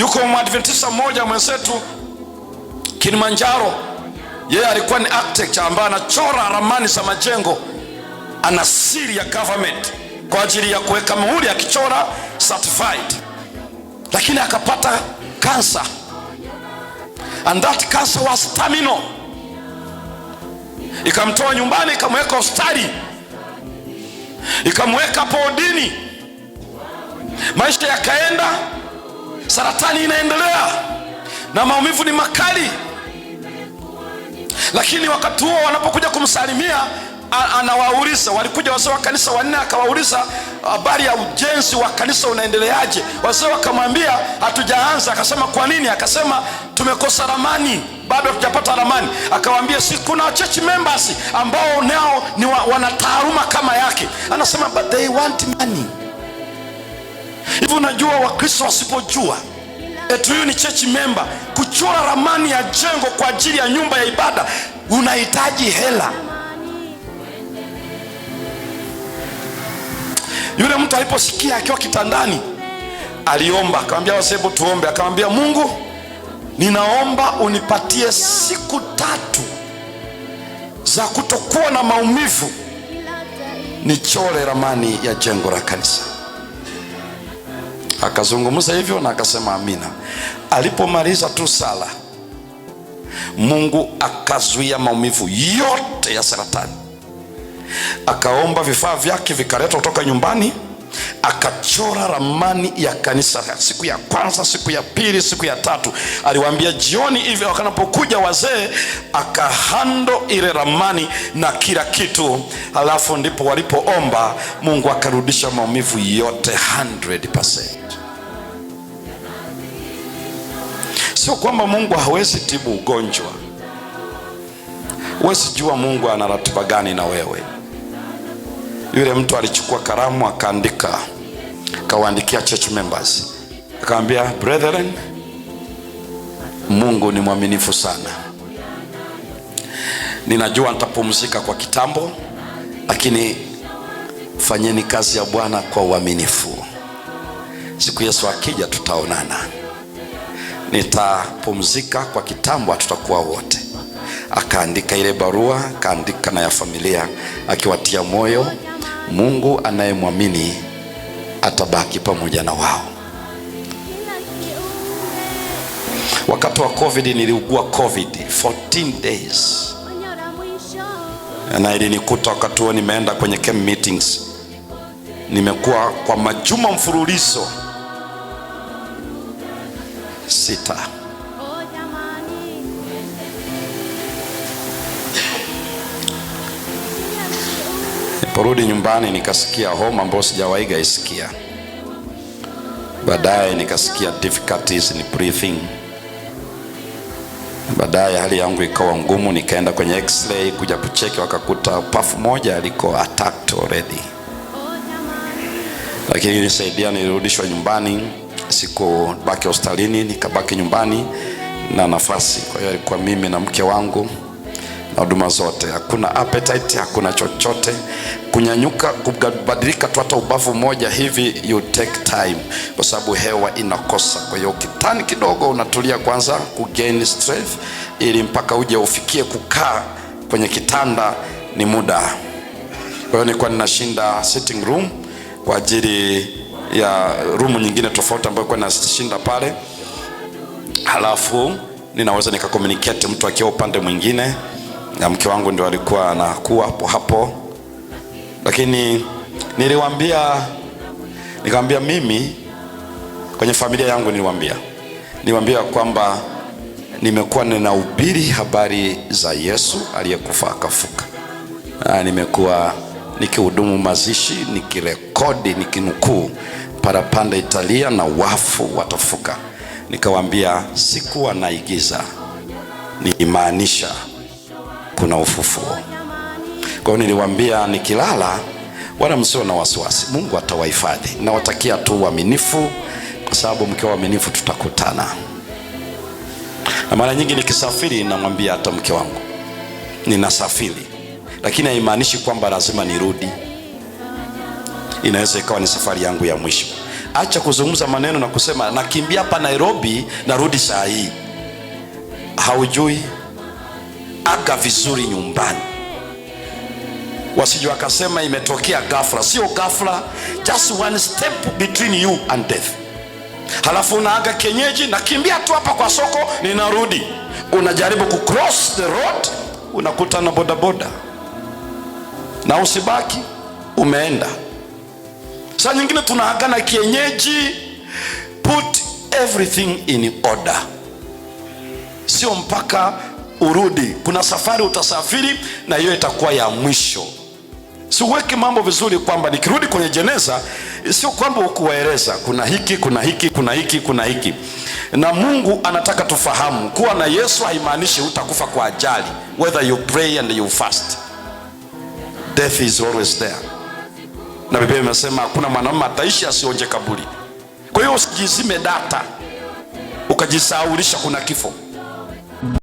Yuko mwadventista mmoja mwenzetu Kilimanjaro, yeye alikuwa ni architect ambaye anachora ramani za majengo. Ana siri ya government kwa ajili ya kuweka muhuri, akichora certified, lakini akapata kansa, and that cancer was terminal. Ikamtoa nyumbani, ikamweka hospitali, ikamweka podini, maisha yakaenda Saratani inaendelea na maumivu ni makali, lakini wakati huo wanapokuja kumsalimia anawauliza walikuja wazee wa kanisa wanne, akawauliza habari ya ujenzi wa kanisa unaendeleaje? Wazee wakamwambia hatujaanza. Akasema kwa nini? Akasema tumekosa ramani, bado hatujapata ramani. akawambia si kuna church members ambao nao ni wa, wanataaruma kama yake, anasema but they want money hivi unajua Wakristo wasipojua eti huyu ni church member, kuchora ramani ya jengo kwa ajili ya nyumba ya ibada unahitaji hela. Yule mtu aliposikia akiwa kitandani, aliomba akamwambia Yosefu, tuombe. Akamwambia Mungu, ninaomba unipatie siku tatu za kutokuwa na maumivu, nichore ramani ya jengo la kanisa. Akazungumza hivyo na akasema amina. Alipomaliza tu sala, Mungu akazuia maumivu yote ya saratani, akaomba vifaa vyake vikaletwa kutoka nyumbani akachora ramani ya kanisa, siku ya kwanza, siku ya pili, siku ya tatu. Aliwaambia jioni hivi wakanapokuja wazee, akahando ile ramani na kila kitu, halafu ndipo walipoomba Mungu akarudisha maumivu yote 100%. Sio kwamba Mungu hawezi tibu ugonjwa, huwezi jua Mungu ana ratiba gani na wewe. Yule mtu alichukua kalamu akaandika, akawaandikia church members, akamwambia brethren, Mungu ni mwaminifu sana. Ninajua nitapumzika kwa kitambo, lakini fanyeni kazi ya Bwana kwa uaminifu. Siku Yesu akija tutaonana. Nitapumzika kwa kitambo, tutakuwa wote. Akaandika ile barua, akaandika na ya familia, akiwatia moyo Mungu anayemwamini atabaki pamoja na wao. Wakati wa COVID niliugua COVID 14 days na ilinikuta wakati huo nimeenda kwenye camp meetings. Nimekuwa kwa majuma mfululizo sita. Niliporudi nyumbani nikasikia homa ambayo sijawaiga isikia. Baadaye nikasikia difficulties in breathing. Baadaye hali yangu ikawa ngumu, nikaenda kwenye x-ray kuja kucheki, wakakuta pafu moja aliko attacked already, lakini nisaidia, nilirudishwa nyumbani, sikubaki hospitalini, nikabaki nyumbani na nafasi. Kwa hiyo alikuwa mimi na mke wangu na huduma zote, hakuna appetite, hakuna chochote kunyanyuka, kubadilika tu hata ubavu mmoja hivi, you take time, kwa sababu hewa inakosa. Kwa hiyo kitani kidogo unatulia kwanza, gain strength, ili mpaka uje ufikie kukaa kwenye kitanda ni muda. Kwa hiyo nilikuwa ninashinda sitting room kwa ajili ya rumu nyingine tofauti ambayo kwa nashinda pale, halafu ninaweza nikakomunicate mtu akiwa upande mwingine ya mke wangu ndio alikuwa anakuwa hapo hapo, lakini niliwambia, nikamwambia mimi kwenye familia yangu, niliwambia niliwambia kwamba nimekuwa ninahubiri habari za Yesu aliyekufa akafuka, na nimekuwa nikihudumu mazishi, nikirekodi, nikinukuu parapanda Italia na wafu watafuka. nikawambia sikuwa naigiza, nilimaanisha kuna ufufuo. Kwa hiyo niliwaambia, nikilala wala msio na wasiwasi, Mungu atawahifadhi. Nawatakia tu uaminifu, kwa sababu mkiwa waaminifu tutakutana. Na mara nyingi nikisafiri, namwambia hata mke wangu ninasafiri, lakini haimaanishi kwamba lazima nirudi. Inaweza ikawa ni safari yangu ya mwisho. Acha kuzungumza maneno na kusema nakimbia hapa Nairobi, narudi saa hii. Haujui aga vizuri nyumbani, wasije wakasema imetokea ghafla. Sio ghafla, just one step between you and death. Halafu unaaga kienyeji, nakimbia tu hapa kwa soko, ninarudi. Unajaribu kucross the road, unakutana bodaboda na usibaki umeenda. Saa nyingine tunaagana kienyeji. Put everything in order, sio mpaka urudi. Kuna safari utasafiri, na hiyo itakuwa ya mwisho. Siweke mambo vizuri kwamba nikirudi kwenye jeneza, sio kwamba ukuwaeleza kuna hiki kuna hiki kuna hiki kuna hiki. Na Mungu anataka tufahamu kuwa na Yesu haimaanishi utakufa kwa ajali, whether you pray and you fast, death is always there. Na Biblia imesema hakuna mwanamume ataishi asionje kaburi. Kwa hiyo usijizime data ukajisahaulisha kuna kifo.